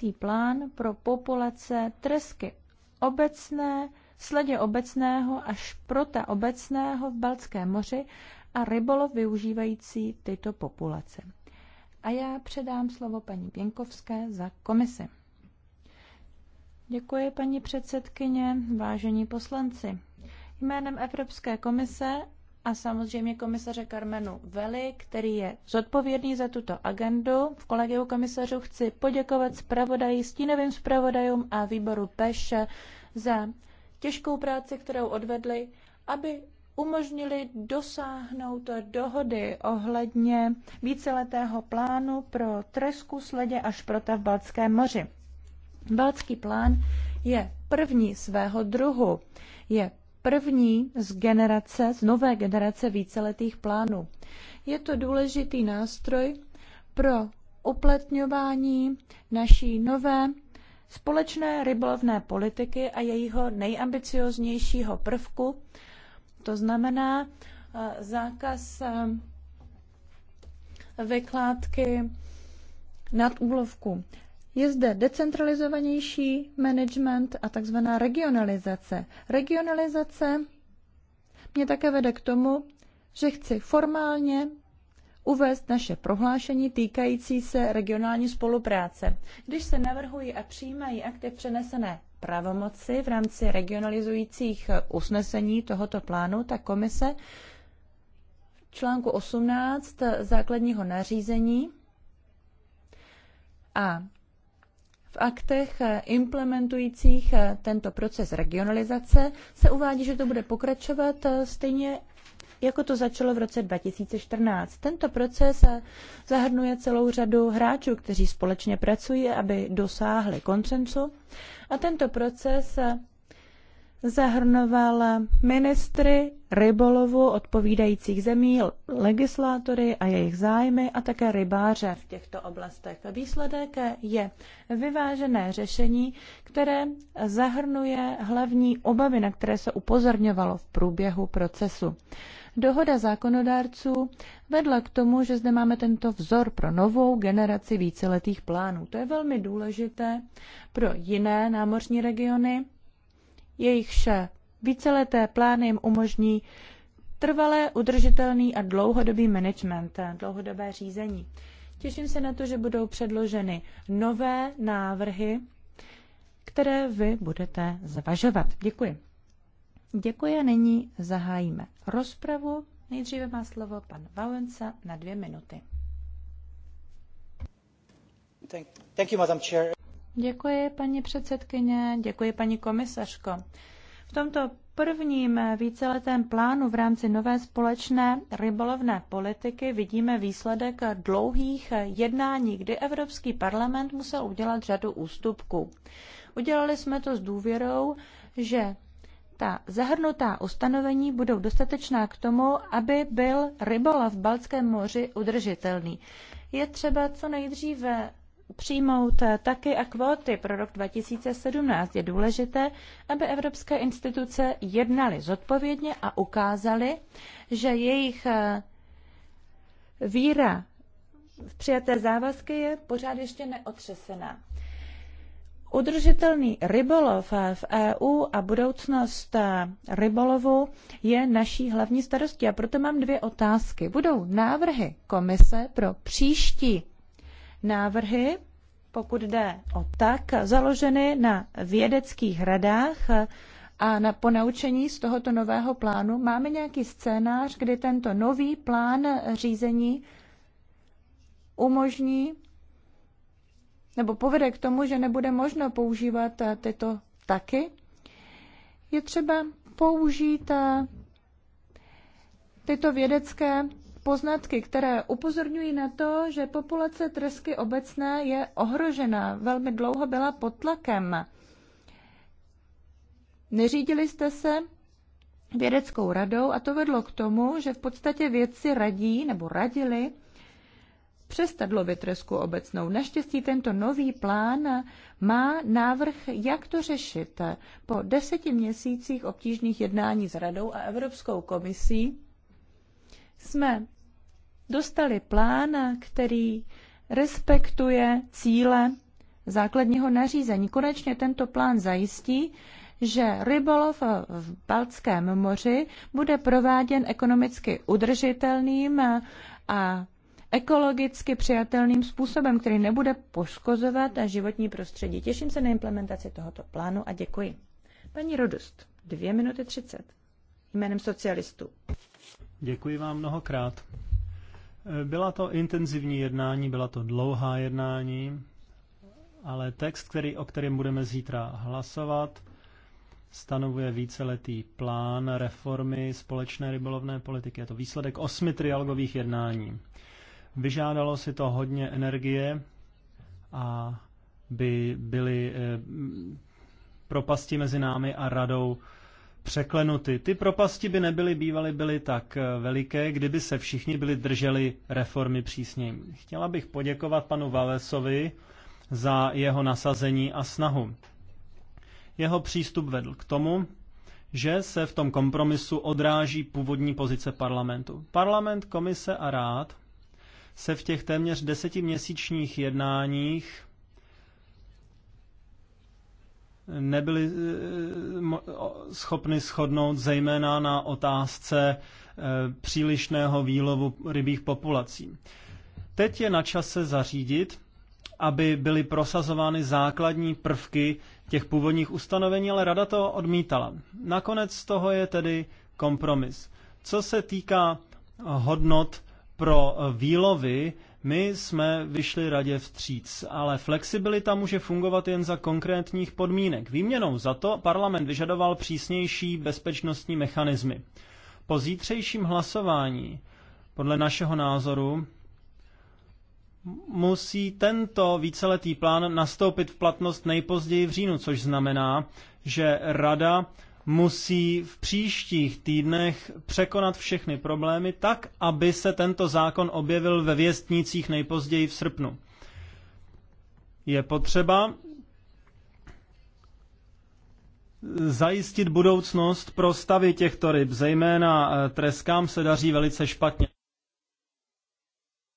čtvrtý plán pro populace tresky obecné, sledě obecného a šprota obecného v Baltském moři a rybolov využívající tyto populace. A já předám slovo paní Pěnkovské za komisi. Děkuji, paní předsedkyně, vážení poslanci. Jménem Evropské komise a samozřejmě komisaře Carmenu Veli, který je zodpovědný za tuto agendu. V kolegiu komisařů chci poděkovat zpravodaji, stínovým zpravodajům a výboru PEŠ za těžkou práci, kterou odvedli, aby umožnili dosáhnout dohody ohledně víceletého plánu pro tresku, sledě až šprota v Baltském moři. Baltský plán je první svého druhu. Je první z generace, z nové generace víceletých plánů. Je to důležitý nástroj pro uplatňování naší nové společné rybolovné politiky a jejího nejambicioznějšího prvku, to znamená eh, zákaz eh, vykládky nad úlovku. Je zde decentralizovanější management a takzvaná regionalizace. Regionalizace mě také vede k tomu, že chci formálně uvést naše prohlášení týkající se regionální spolupráce. Když se navrhují a přijímají akty přenesené pravomoci v rámci regionalizujících usnesení tohoto plánu, tak komise v článku 18 základního nařízení a v aktech eh, implementujících eh, tento proces regionalizace se uvádí, že to bude pokračovat eh, stejně jako to začalo v roce 2014. Tento proces zahrnuje celou řadu hráčů, kteří společně pracují, aby dosáhli koncensu. A tento proces zahrnoval ministry rybolovu odpovídajících zemí, legislátory a jejich zájmy a také rybáře v těchto oblastech. Výsledek je vyvážené řešení, které zahrnuje hlavní obavy, na které se upozorňovalo v průběhu procesu. Dohoda zákonodárců vedla k tomu, že zde máme tento vzor pro novou generaci víceletých plánů. To je velmi důležité pro jiné námořní regiony, jejichž víceleté plány jim umožní trvalé, udržitelný a dlouhodobý management, dlouhodobé řízení. Těším se na to, že budou předloženy nové návrhy, které vy budete zvažovat. Děkuji. Děkuji a nyní zahájíme rozpravu. Nejdříve má slovo pan Valenca na dvě minuty. Thank, you, Madam Chair. Děkuji, paní předsedkyně, děkuji, paní komisařko. V tomto prvním víceletém plánu v rámci nové společné rybolovné politiky vidíme výsledek dlouhých jednání, kdy Evropský parlament musel udělat řadu ústupků. Udělali jsme to s důvěrou, že ta zahrnutá ustanovení budou dostatečná k tomu, aby byl rybolov v Balckém moři udržitelný. Je třeba co nejdříve přijmout eh, taky a kvóty pro rok 2017. Je důležité, aby evropské instituce jednaly zodpovědně a ukázaly, že jejich eh, víra v přijaté závazky je pořád ještě neotřesená. Udržitelný rybolov eh, v EU a budoucnost rybolovu je naší hlavní starostí a proto mám dvě otázky. Budou návrhy komise pro příští návrhy, pokud jde o tak, založeny na vědeckých radách a na ponaučení z tohoto nového plánu. Máme nějaký scénář, kdy tento nový plán řízení umožní nebo povede k tomu, že nebude možno používat tyto taky. Je třeba použít tyto vědecké poznatky, které upozorňují na to, že populace tresky obecné je ohrožena. Velmi dlouho byla pod tlakem. Neřídili jste se vědeckou radou a to vedlo k tomu, že v podstatě vědci radí nebo radili přestat lovit tresku obecnou. Naštěstí tento nový plán má návrh, jak to řešit. Po deseti měsících obtížných jednání s radou a Evropskou komisí jsme dostali plán, který respektuje cíle základního nařízení. Konečně tento plán zajistí, že rybolov v Baltském moři bude prováděn ekonomicky udržitelným a ekologicky přijatelným způsobem, který nebude poškozovat životní prostředí. Těším se na implementaci tohoto plánu a děkuji. Paní Rodust, dvě minuty třicet. Jménem socialistů. Děkuji vám mnohokrát. Byla to intenzivní jednání, byla to dlouhá jednání, ale text, který, o kterém budeme zítra hlasovat, stanovuje víceletý plán reformy společné rybolovné politiky. Je to výsledek osmi trialogových jednání. Vyžádalo si to hodně energie a by byly eh, propasti mezi námi a radou překlenuty. Ty propasti by nebyly bývaly byly tak eh, veliké, kdyby se všichni byli drželi reformy přísněji. Chtěla bych poděkovat panu Valesovi za jeho nasazení a snahu. Jeho přístup vedl k tomu, že se v tom kompromisu odráží původní pozice parlamentu. Parlament, komise a rád se v těch téměř desetiměsíčních jednáních nebyly eh, schopny shodnout zejména na otázce eh, přílišného výlovu rybích populací. Teď je na čase zařídit, aby byly prosazovány základní prvky těch původních ustanovení, ale rada to odmítala. Nakonec z toho je tedy kompromis. Co se týká hodnot pro výlovy, my jsme vyšli radě vstříc, ale flexibilita může fungovat jen za konkrétních podmínek. Výměnou za to parlament vyžadoval přísnější bezpečnostní mechanismy. Po zítřejším hlasování, podle našeho názoru, musí tento víceletý plán nastoupit v platnost nejpozději v říjnu, což znamená, že Rada musí v příštích týdnech překonat všechny problémy tak, aby se tento zákon objevil ve věstnicích nejpozději v srpnu. Je potřeba zajistit budoucnost pro stavy těchto ryb, zejména eh, treskám se daří velice špatně.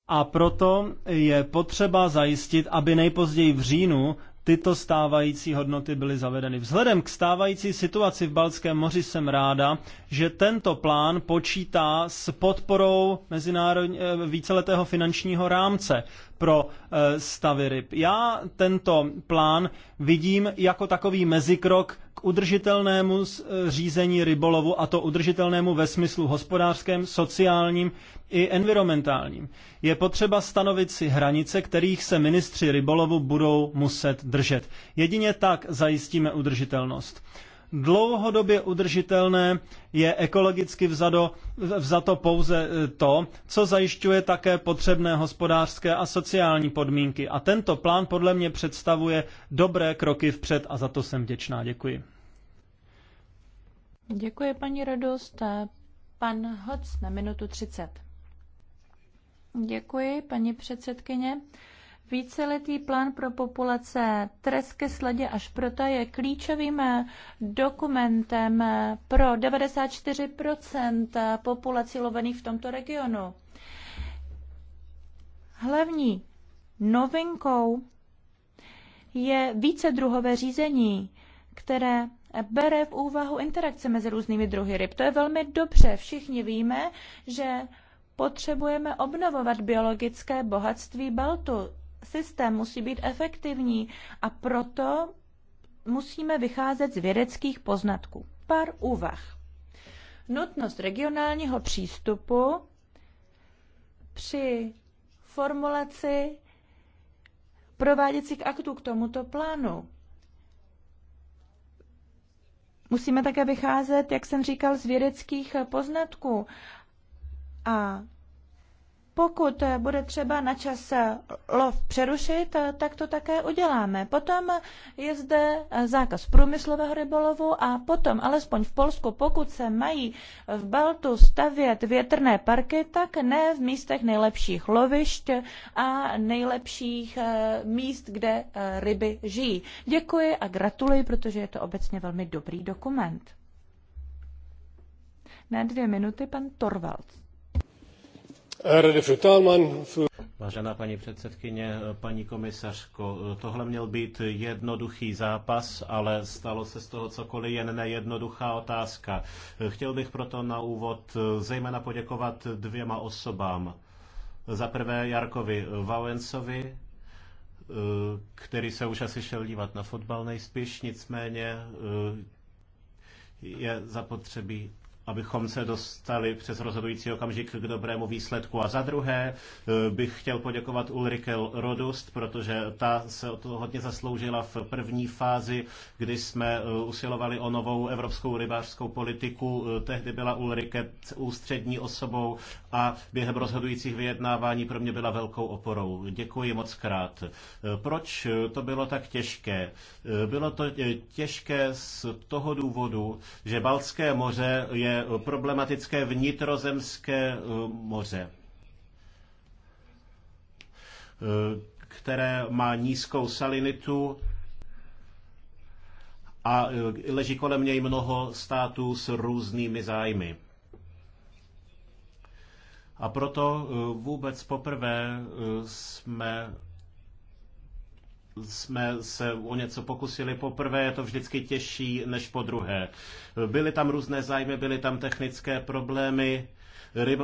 A proto je potřeba zajistit, aby nejpozději v říjnu tyto stávající hodnoty byly zavedeny. Vzhledem k stávající situaci v Balckém moři jsem ráda, že tento plán počítá s podporou mezinárodní, eh, víceletého finančního rámce pro eh, stavy ryb. Já tento plán vidím jako takový mezikrok k udržitelnému eh, řízení rybolovu, a to udržitelnému ve smyslu hospodářském, sociálním i environmentálním. Je potřeba stanovit si hranice, kterých se ministři rybolovu budou muset držet. Jedině tak zajistíme udržitelnost. Dlouhodobě udržitelné je ekologicky vzado, vzato pouze e, to, co zajišťuje také potřebné hospodářské a sociální podmínky. A tento plán podle mě představuje dobré kroky vpřed a za to jsem vděčná. Děkuji. Děkuji, paní Radost. Pan Hoc na minutu 30. Děkuji, paní předsedkyně. Víceletý plán pro populace tresky, sladě až proto je klíčovým dokumentem pro 94 populací lovených v tomto regionu. Hlavní novinkou je více druhové řízení, které bere v úvahu interakce mezi různými druhy ryb. To je velmi dobře. Všichni víme, že potřebujeme obnovovat biologické bohatství Baltu. Systém musí být efektivní a proto musíme vycházet z vědeckých poznatků. Pár úvah. Nutnost regionálního přístupu při formulaci prováděcích aktů k tomuto plánu. Musíme také vycházet, jak jsem říkal, z vědeckých poznatků a pokud bude třeba na čas lov přerušit, tak to také uděláme. Potom je zde zákaz průmyslového rybolovu a potom, alespoň v Polsku, pokud se mají v Baltu stavět větrné parky, tak ne v místech nejlepších lovišť a nejlepších eh, míst, kde eh, ryby žijí. Děkuji a gratuluji, protože je to obecně velmi dobrý dokument. Na dvě minuty pan Torvalds. Vážená paní předsedkyně, paní komisařko, tohle měl být jednoduchý zápas, ale stalo se z toho cokoliv jen nejednoduchá otázka. Chtěl bych proto na úvod zejména poděkovat dvěma osobám. Za prvé Jarkovi Valencovi, který se už asi šel dívat na fotbal nejspíš, nicméně eh, je zapotřebí abychom se dostali přes rozhodující okamžik k dobrému výsledku. A za druhé eh, bych chtěl poděkovat Ulrike Rodust, protože ta se o to hodně zasloužila v první fázi, kdy jsme eh, usilovali o novou evropskou rybářskou politiku. Eh, tehdy byla Ulrike ústřední osobou a během rozhodujících vyjednávání pro mě byla velkou oporou. Děkuji moc krát. Proč to bylo tak těžké? Bylo to těžké z toho důvodu, že Balské moře je problematické vnitrozemské eh, moře, eh, které má nízkou salinitu a eh, leží kolem něj mnoho států s různými zájmy. A proto vůbec poprvé jsme jsme se o něco pokusili poprvé, je to vždycky těžší než po druhé. Byly tam různé zájmy, byly tam technické problémy.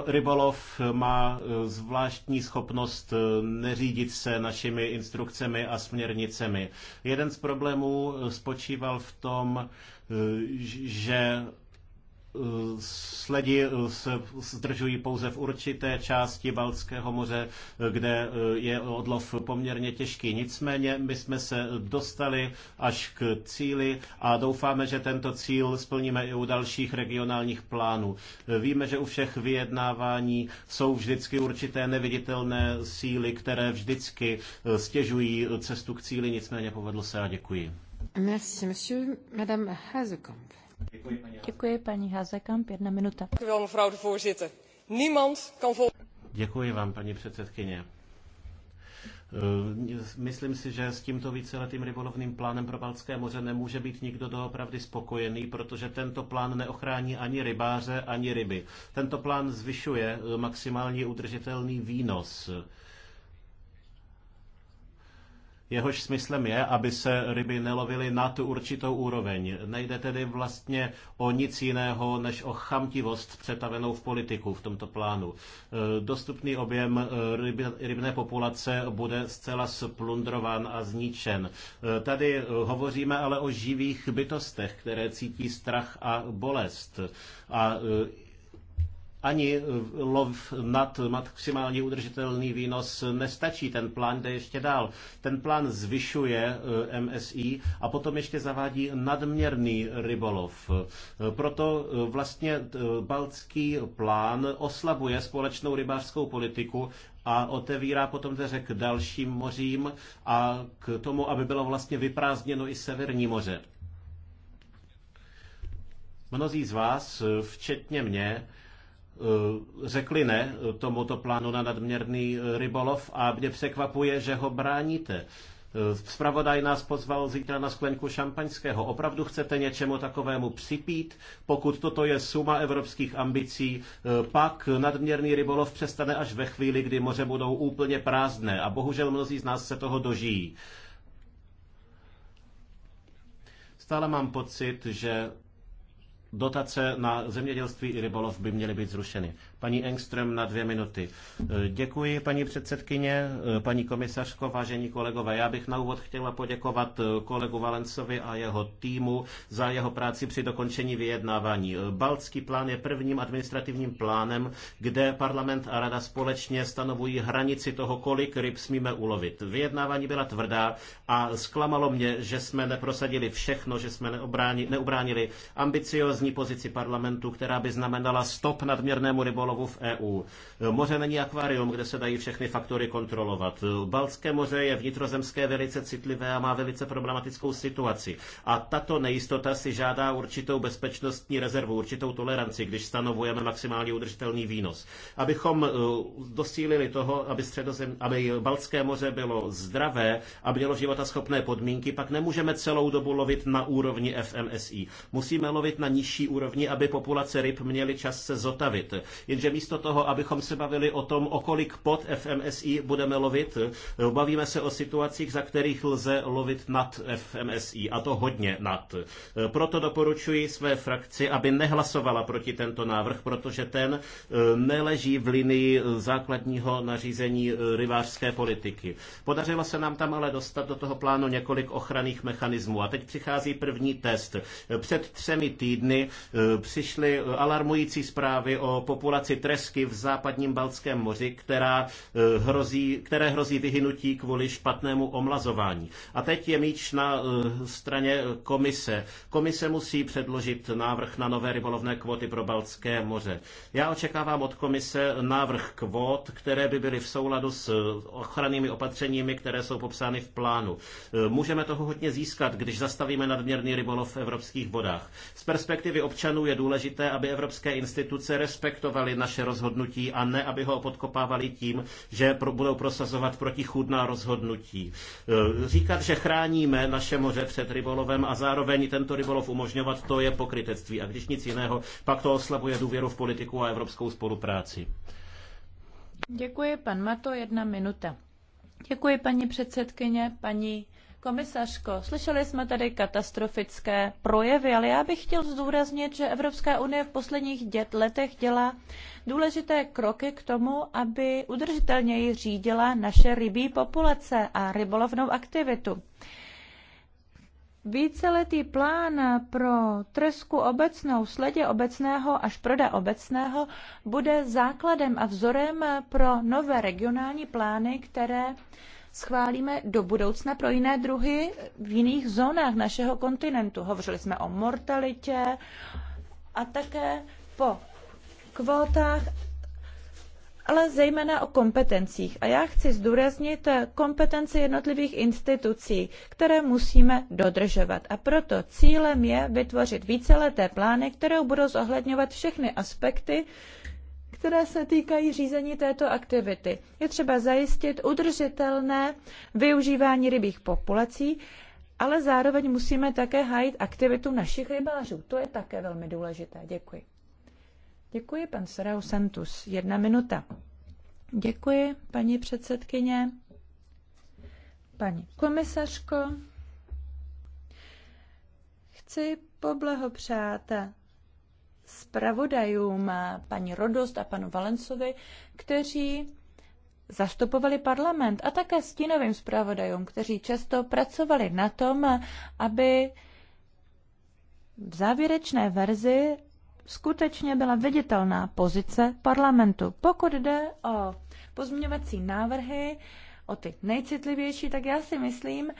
Rybolov má eh, zvláštní schopnost eh, neřídit se našimi instrukcemi a směrnicemi. Jeden z problémů eh, spočíval v tom, že sledi eh, se zdržují pouze v určité části Balckého moře, eh, kde eh, je odlov poměrně těžký. Nicméně my jsme se dostali až k cíli a doufáme, že tento cíl splníme i u dalších regionálních plánů. Víme, že u všech vyjednávání jsou vždycky určité neviditelné síly, které vždycky stěžují cestu k cíli, nicméně povedlo se a děkuji. Merci, monsieur. Madame Hazekamp. Děkuji paní, Děkuji, Hazekamp. Jedna minuta. Děkuji vám, paní předsedkyně. Eh, myslím si, že s tímto víceletým rybolovným plánem pro Baltské moře nemůže být nikdo doopravdy spokojený, protože tento plán neochrání ani rybáře, ani ryby. Tento plán zvyšuje eh, maximální udržitelný výnos Jehož smyslem je, aby se ryby nelovily na tu určitou úroveň. Nejde tedy vlastně o nic jiného, než o chamtivost přetavenou v politiku v tomto plánu. E, dostupný objem e, ryby, rybné populace bude zcela splundrovan a zničen. E, tady hovoříme ale o živých bytostech, které cítí strach a bolest. A ani eh, lov nad maximálně udržitelný výnos nestačí. Ten plán jde ještě dál. Ten plán zvyšuje eh, MSI a potom ještě zavádí nadměrný rybolov. Eh, proto vlastně baltský plán oslabuje společnou rybářskou politiku a otevírá potom dveře k dalším mořím a k tomu, aby bylo vlastně vyprázdněno i Severní moře. Mnozí z vás, včetně mě, Eh, řekli ne tomuto plánu na nadměrný eh, rybolov a mě překvapuje, že ho bráníte. Spravodaj eh, nás pozval zítra na sklenku šampaňského. Opravdu chcete něčemu takovému připít? Pokud toto je suma evropských ambicí, pak nadměrný rybolov přestane až ve chvíli, kdy moře budou úplně prázdné a bohužel mnozí z nás se toho dožijí. Stále mám pocit, že dotace na zemědělství i rybolov by měly být zrušeny. Paní Engström na dvě minuty. Eh, děkuji, paní předsedkyně, eh, paní komisařko, vážení kolegové. Já bych na úvod chtěla poděkovat eh, kolegu Valencovi a jeho týmu za jeho práci při dokončení vyjednávání. Balcký plán je prvním administrativním plánem, kde parlament a rada společně stanovují hranici toho, kolik ryb smíme ulovit. Vyjednávání byla tvrdá a zklamalo mě, že jsme neprosadili všechno, že jsme neobránili, neubránili ambiciozní pozici parlamentu, která by znamenala stop nadměrnému rybolovu rybolovu v EU. Moře není akvárium, kde se dají všechny faktory kontrolovat. Balské moře je vnitrozemské velice citlivé a má velice problematickou situaci. A tato nejistota si žádá určitou bezpečnostní rezervu, určitou toleranci, když stanovujeme maximálně udržitelný výnos. Abychom e, dosílili toho, aby, středozem, aby Balské moře bylo zdravé a mělo životaschopné podmínky, pak nemůžeme celou dobu lovit na úrovni FMSI. Musíme lovit na nižší úrovni, aby populace ryb měly čas se zotavit. Jen takže místo toho, abychom se bavili o tom, o kolik pod FMSI budeme lovit, bavíme se o situacích, za kterých lze lovit nad FMSI, a to hodně nad. Proto doporučuji své frakci, aby nehlasovala proti tento návrh, protože ten eh, neleží v linii základního nařízení eh, rybářské politiky. Podařilo se nám tam ale dostat do toho plánu několik ochranných mechanismů. A teď přichází první test. Před třemi týdny eh, přišly alarmující zprávy o populaci situaci tresky v západním Balckém moři, která eh, hrozí, které hrozí vyhynutí kvůli špatnému omlazování. A teď je míč na eh, straně komise. Komise musí předložit návrh na nové rybolovné kvóty pro Balcké moře. Já očekávám od komise návrh kvót, které by byly v souladu s eh, ochrannými opatřeními, které jsou popsány v plánu. Můžeme toho hodně získat, když zastavíme nadměrný rybolov v evropských vodách. Z perspektivy občanů je důležité, aby evropské instituce respektovaly naše rozhodnutí a ne, aby ho podkopávali tím, že pro, budou prosazovat protichůdná rozhodnutí. E, říkat, že chráníme naše moře před rybolovem a zároveň tento rybolov umožňovat, to je pokrytectví. A když nic jiného, pak to oslabuje důvěru v politiku a evropskou spolupráci. Děkuji, pan Mato, jedna minuta. Děkuji, paní předsedkyně, paní komisařko, slyšeli jsme tady katastrofické projevy, ale já bych chtěl zdůraznit, že Evropská unie v posledních dět, letech dělá důležité kroky k tomu, aby udržitelněji řídila naše rybí populace a rybolovnou aktivitu. Víceletý plán pro tresku obecnou, sledě obecného až proda obecného bude základem a vzorem pro nové regionální plány, které schválíme do budoucna pro jiné druhy v jiných zónách našeho kontinentu. Hovořili jsme o mortalitě a také po kvótách, ale zejména o kompetencích. A já chci zdůraznit kompetence jednotlivých institucí, které musíme dodržovat. A proto cílem je vytvořit víceleté plány, které budou zohledňovat všechny aspekty které se týkají řízení této aktivity. Je třeba zajistit udržitelné využívání rybích populací, ale zároveň musíme také hájit aktivitu našich rybářů. To je také velmi důležité. Děkuji. Děkuji, pan Sarau Santus. Jedna minuta. Děkuji, paní předsedkyně. Paní komisařko, chci poblahopřát zpravodajům paní Rodost a panu Valencovi, kteří zastupovali parlament a také stínovým zpravodajům, kteří často pracovali na tom, aby v závěrečné verzi skutečně byla viditelná pozice parlamentu. Pokud jde o pozměňovací návrhy, o ty nejcitlivější, tak já si myslím,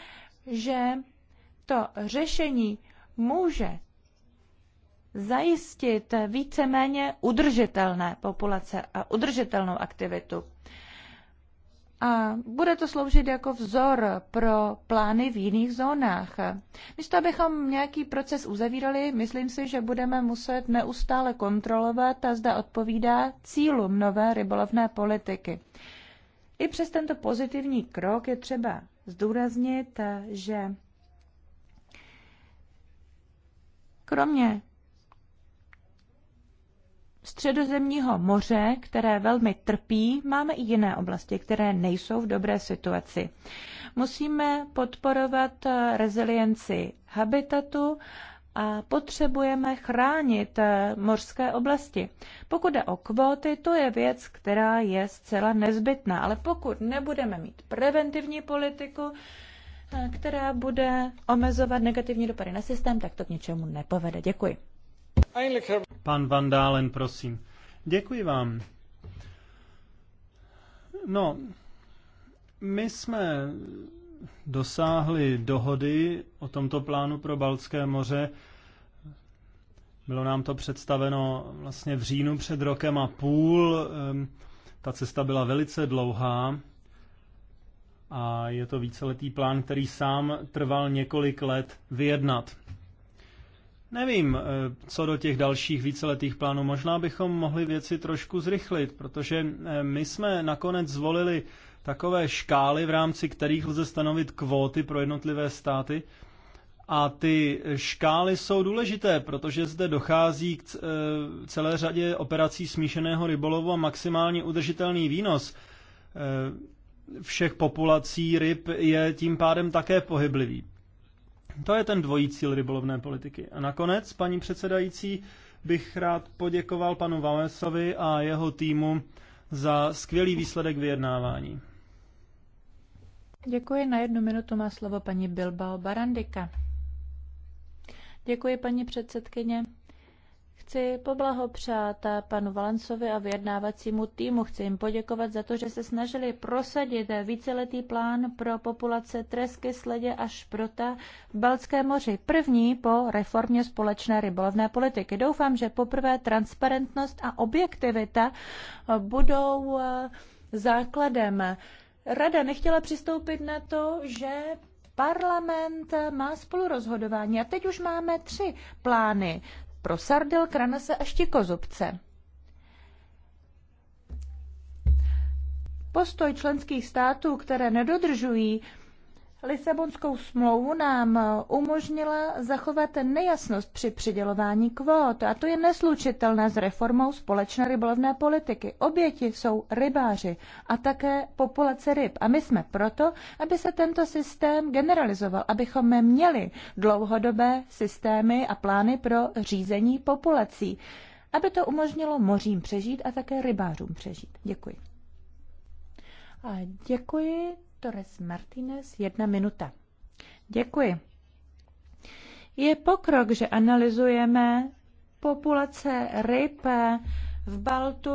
že to řešení může zajistit víceméně udržitelné populace a udržitelnou aktivitu. A bude to sloužit jako vzor pro plány v jiných zónách. Místo abychom nějaký proces uzavírali, myslím si, že budeme muset neustále kontrolovat a zda odpovídá cílům nové rybolovné politiky. I přes tento pozitivní krok je třeba zdůraznit, že kromě středozemního moře, které velmi trpí, máme i jiné oblasti, které nejsou v dobré situaci. Musíme podporovat eh, rezilienci habitatu a potřebujeme chránit eh, mořské oblasti. Pokud jde o kvóty, to je věc, která je zcela nezbytná, ale pokud nebudeme mít preventivní politiku, eh, která bude omezovat negativní dopady na systém, tak to k ničemu nepovede. Děkuji. Pan Van Dalen, prosím. Děkuji vám. No, my jsme dosáhli dohody o tomto plánu pro Baltské moře. Bylo nám to představeno vlastně v říjnu před rokem a půl. Ehm, ta cesta byla velice dlouhá a je to víceletý plán, který sám trval několik let vyjednat. Nevím, eh, co do těch dalších víceletých plánů. Možná bychom mohli věci trošku zrychlit, protože eh, my jsme nakonec zvolili takové škály, v rámci kterých lze stanovit kvóty pro jednotlivé státy. A ty škály jsou důležité, protože zde dochází k eh, celé řadě operací smíšeného rybolovu a maximálně udržitelný výnos všech populací ryb je tím pádem také pohyblivý. To je ten dvojí cíl rybolovné politiky. A nakonec, paní předsedající, bych rád poděkoval panu Valesovi a jeho týmu za skvělý výsledek vyjednávání. Děkuji. Na jednu minutu má slovo paní Bilbao Barandika. Děkuji, paní předsedkyně. Chci poblahopřát panu Valencovi a vyjednávacímu týmu. Chci jim poděkovat za to, že se snažili prosadit víceletý plán pro populace tresky, sledě a šprota v Balckém moři. První po reformě společné rybolovné politiky. Doufám, že poprvé transparentnost a objektivita budou eh, základem. Rada nechtěla přistoupit na to, že parlament má spolurozhodování a teď už máme tři plány pro sardel, kranase a štikozubce. Postoj členských států, které nedodržují Lisabonskou smlouvu nám umožnila zachovat nejasnost při přidělování kvót a to je neslučitelné s reformou společné rybolovné politiky. Oběti jsou rybáři a také populace ryb a my jsme proto, aby se tento systém generalizoval, abychom měli dlouhodobé systémy a plány pro řízení populací, aby to umožnilo mořím přežít a také rybářům přežít. Děkuji. A děkuji. Torres Martinez, jedna minuta. Děkuji. Je pokrok, že analyzujeme populace ryb v Baltu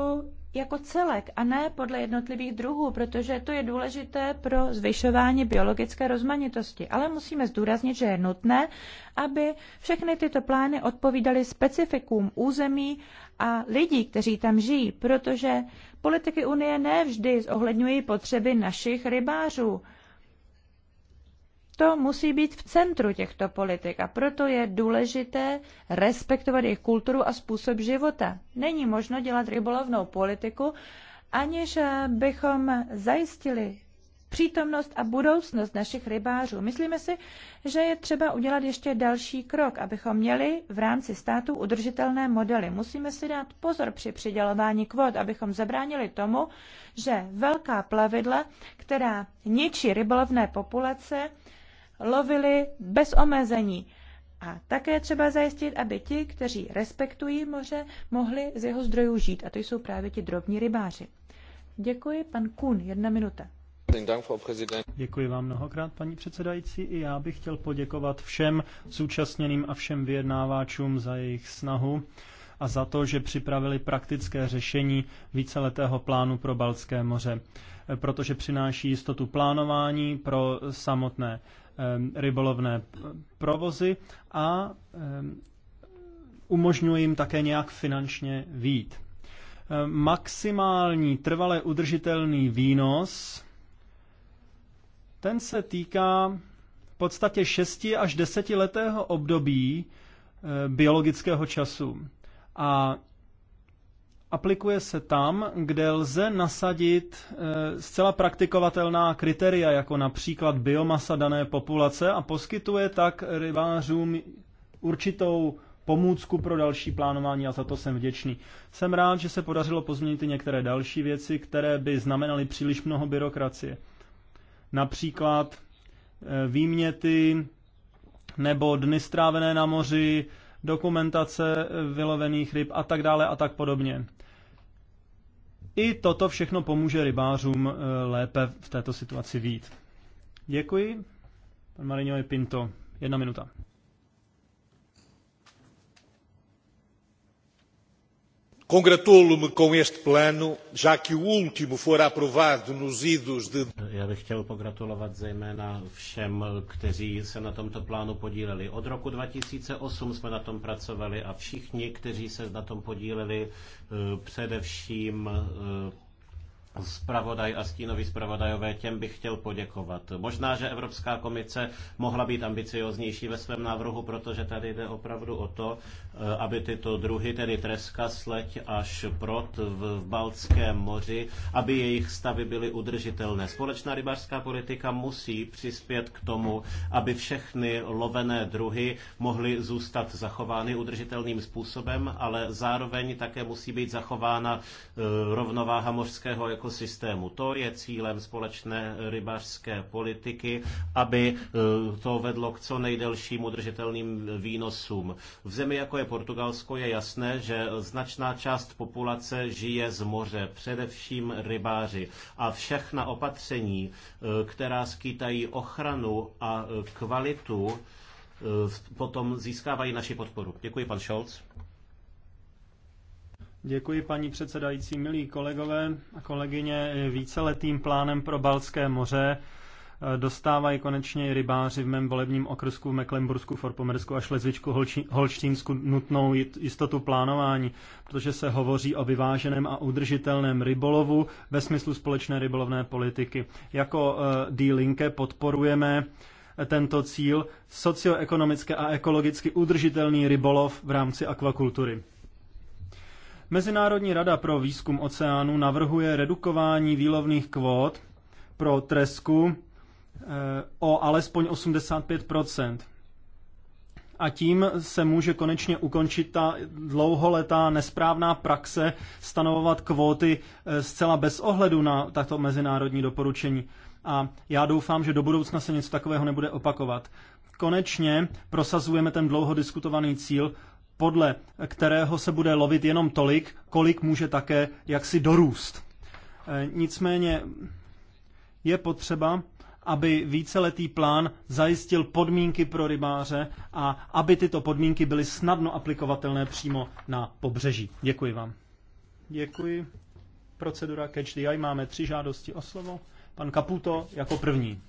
jako celek a ne podle jednotlivých druhů, protože to je důležité pro zvyšování biologické rozmanitosti. Ale musíme zdůraznit, že je nutné, aby všechny tyto plány odpovídaly specifikům území a lidí, kteří tam žijí, protože Politiky Unie nevždy zohledňují potřeby našich rybářů. To musí být v centru těchto politik a proto je důležité respektovat jejich kulturu a způsob života. Není možno dělat rybolovnou politiku, aniž bychom zajistili přítomnost a budoucnost našich rybářů. Myslíme si, že je třeba udělat ještě další krok, abychom měli v rámci státu udržitelné modely. Musíme si dát pozor při přidělování kvot, abychom zabránili tomu, že velká plavidla, která ničí rybolovné populace, lovili bez omezení. A také třeba zajistit, aby ti, kteří respektují moře, mohli z jeho zdrojů žít. A to jsou právě ti drobní rybáři. Děkuji, pan Kun, jedna minuta. Děkuji vám mnohokrát, paní předsedající. I já bych chtěl poděkovat všem zúčastněným a všem vyjednáváčům za jejich snahu a za to, že připravili praktické řešení víceletého plánu pro Balské moře, eh, protože přináší jistotu plánování pro samotné eh, rybolovné provozy a eh, umožňuje jim také nějak finančně výjít. Maximální trvale udržitelný výnos ten se týká v podstatě 6 až 10 letého období eh, biologického času. A aplikuje se tam, kde lze nasadit eh, zcela praktikovatelná kritéria, jako například biomasa dané populace a poskytuje tak rybářům určitou pomůcku pro další plánování a za to jsem vděčný. Jsem rád, že se podařilo pozměnit i některé další věci, které by znamenaly příliš mnoho byrokracie například eh, výměty nebo dny strávené na moři, dokumentace eh, vylovených ryb a tak dále a tak podobně. I toto všechno pomůže rybářům eh, lépe v této situaci vít. Děkuji. Pan Mariňo Pinto. Jedna minuta. Congratulo me com este plano, já que o último fora aprovado nos idos de... Já bych chtěl pogratulovat zejména všem, kteří se na tomto plánu podíleli. Od roku 2008 jsme na tom pracovali a všichni, kteří se na tom podíleli, eh, především eh, zpravodaj a stínoví zpravodajové, těm bych chtěl poděkovat. Možná, že Evropská komise mohla být ambicioznější ve svém návrhu, protože tady jde opravdu o to, eh, aby tyto druhy, tedy treska, sleť a šprot v, v Baltském moři, aby jejich stavy byly udržitelné. Společná rybářská politika musí přispět k tomu, aby všechny lovené druhy mohly zůstat zachovány udržitelným způsobem, ale zároveň také musí být zachována eh, rovnováha mořského jako ekosystému. To je cílem společné rybářské politiky, aby eh, to vedlo k co nejdelším udržitelným výnosům. V zemi, jako je Portugalsko, je jasné, že značná část populace žije z moře, především rybáři. A všechna opatření, eh, která skýtají ochranu a eh, kvalitu, potom získávají naši podporu. Děkuji, pan Scholz. Děkuji paní předsedající, milí kolegové a kolegyně. Víceletým plánem pro Balské moře eh, dostávají konečně rybáři v mém volebním okrsku v Mecklenbursku, Forpomersku a Šlezvičku Holštínsku nutnou jistotu plánování, protože se hovoří o vyváženém a udržitelném rybolovu ve smyslu společné rybolovné politiky. Jako eh, D-Linke podporujeme eh, tento cíl socioekonomické a ekologicky udržitelný rybolov v rámci akvakultury. Mezinárodní rada pro výzkum oceánu navrhuje redukování výlovných kvót pro tresku eh, o alespoň 85 a tím se může konečně ukončit ta dlouholetá nesprávná praxe stanovovat kvóty eh, zcela bez ohledu na tato mezinárodní doporučení. A já doufám, že do budoucna se něco takového nebude opakovat. Konečně prosazujeme ten dlouho diskutovaný cíl podle kterého se bude lovit jenom tolik, kolik může také jaksi dorůst. E, nicméně je potřeba, aby víceletý plán zajistil podmínky pro rybáře a aby tyto podmínky byly snadno aplikovatelné přímo na pobřeží. Děkuji vám. Děkuji. Procedura Catch the Eye. Máme tři žádosti o slovo. Pan Caputo jako první.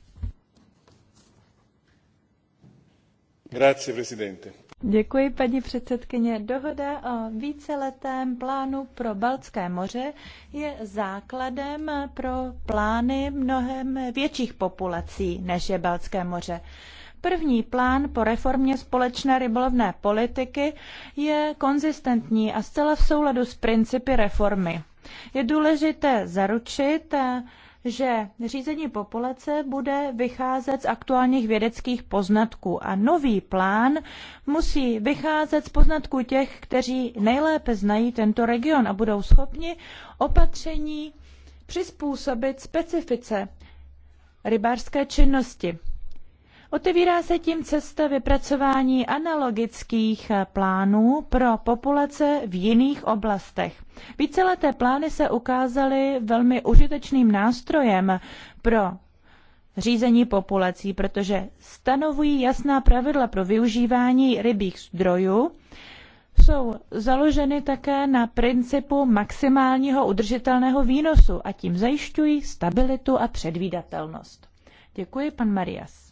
Grazie, presidente. Děkuji, paní předsedkyně. Dohoda o víceletém plánu pro Baltské moře je základem pro plány mnohem větších populací, než je Baltské moře. První plán po reformě společné rybolovné politiky je konzistentní a zcela v souladu s principy reformy. Je důležité zaručit, že řízení populace bude vycházet z aktuálních vědeckých poznatků a nový plán musí vycházet z poznatků těch, kteří nejlépe znají tento region a budou schopni opatření přizpůsobit specifice rybářské činnosti. Otevírá se tím cesta vypracování analogických plánů pro populace v jiných oblastech. Víceleté plány se ukázaly velmi užitečným nástrojem pro řízení populací, protože stanovují jasná pravidla pro využívání rybích zdrojů, jsou založeny také na principu maximálního udržitelného výnosu a tím zajišťují stabilitu a předvídatelnost. Děkuji, pan Marias.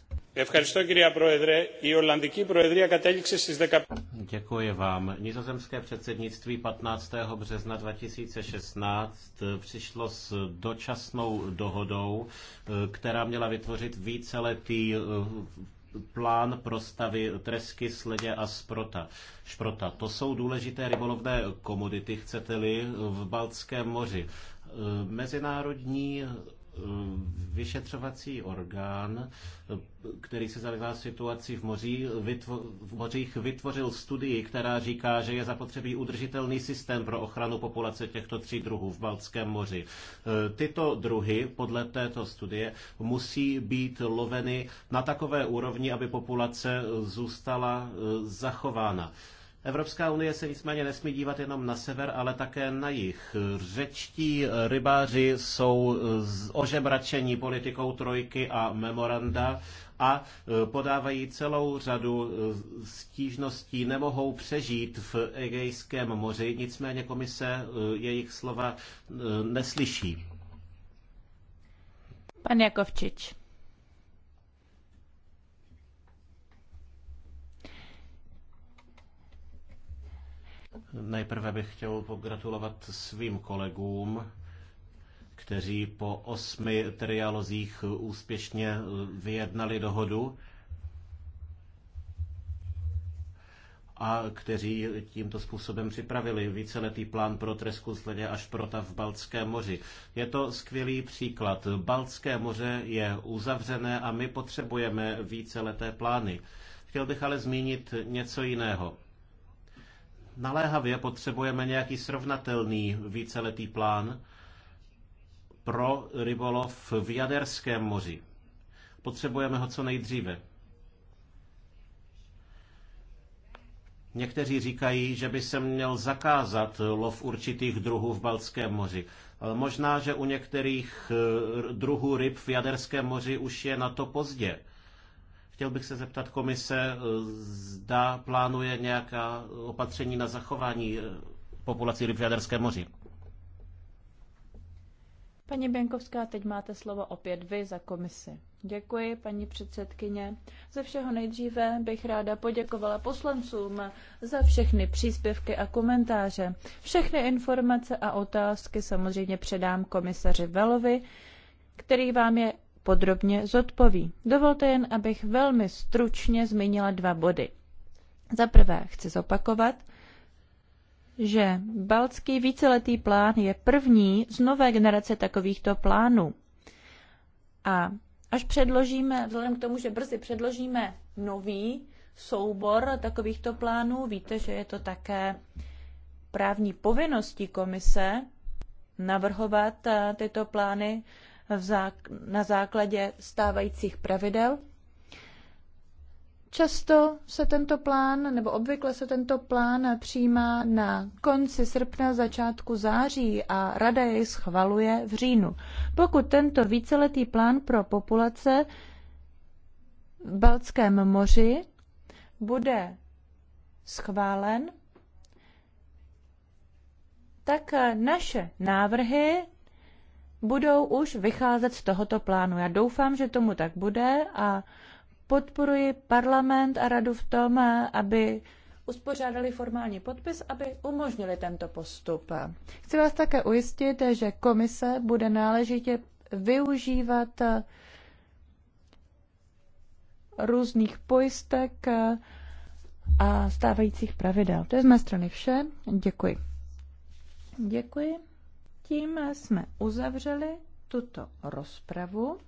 Děkuji vám. Nizozemské předsednictví 15. března 2016 eh, přišlo s dočasnou dohodou, eh, která měla vytvořit víceletý eh, plán pro stavy tresky, sledě a sprota. šprota. To jsou důležité rybolovné komodity, chcete-li, v Baltském moři. Mezinárodní Eh, vyšetřovací orgán, eh, který se zabývá situací v, moří, vytvo, v mořích, vytvořil studii, která říká, že je zapotřebí udržitelný systém pro ochranu populace těchto tří druhů v Baltském moři. Eh, tyto druhy, podle této studie, musí být loveny na takové úrovni, aby populace zůstala zachována. Evropská unie se nicméně nesmí dívat jenom na sever, ale také na jich. Řečtí rybáři jsou ožebračení politikou trojky a memoranda a e, podávají celou řadu e, stížností, nemohou přežít v Egejském moři, nicméně komise e, jejich slova neslyší. Pan Jakovčič. Nejprve bych chtěl pogratulovat svým kolegům, kteří po osmi trialozích úspěšně vyjednali dohodu a kteří tímto způsobem připravili víceletý plán pro tresku sledě až prota v Baltském moři. Je to skvělý příklad. Baltské moře je uzavřené a my potřebujeme víceleté plány. Chtěl bych ale zmínit něco jiného naléhavě potřebujeme nějaký srovnatelný víceletý plán pro rybolov v Jaderském moři. Potřebujeme ho co nejdříve. Někteří říkají, že by se měl zakázat lov určitých druhů v Baltském moři. Ale možná, že u některých eh, druhů ryb v Jaderském moři už je na to pozdě. Chtěl bych se zeptat komise, eh, zda plánuje nějaká opatření na zachování eh, populací ryb v Jaderském moři. Paní Běnkovská, teď máte slovo opět vy za komisi. Děkuji, paní předsedkyně. Ze všeho nejdříve bych ráda poděkovala poslancům za všechny příspěvky a komentáře. Všechny informace a otázky samozřejmě předám komisaři Velovi, který vám je podrobně zodpoví. Dovolte jen, abych velmi stručně zmínila dva body. Za prvé chci zopakovat, že Baltský víceletý plán je první z nové generace takovýchto plánů. A až předložíme, vzhledem k tomu, že brzy předložíme nový soubor takovýchto plánů, víte, že je to také právní povinnosti komise navrhovat eh, tyto plány na základě stávajících pravidel. Často se tento plán, nebo obvykle se tento plán přijímá na konci srpna, začátku září a rada jej schvaluje v říjnu. Pokud tento víceletý plán pro populace v Baltském moři bude schválen, tak naše návrhy budou už vycházet z tohoto plánu. Já doufám, že tomu tak bude a podporuji parlament a radu v tom, aby uspořádali formální podpis, aby umožnili tento postup. Chci vás také ujistit, že komise bude náležitě využívat různých pojistek a stávajících pravidel. To je z mé strany vše. Děkuji. Děkuji. Tím jsme uzavřeli tuto rozpravu.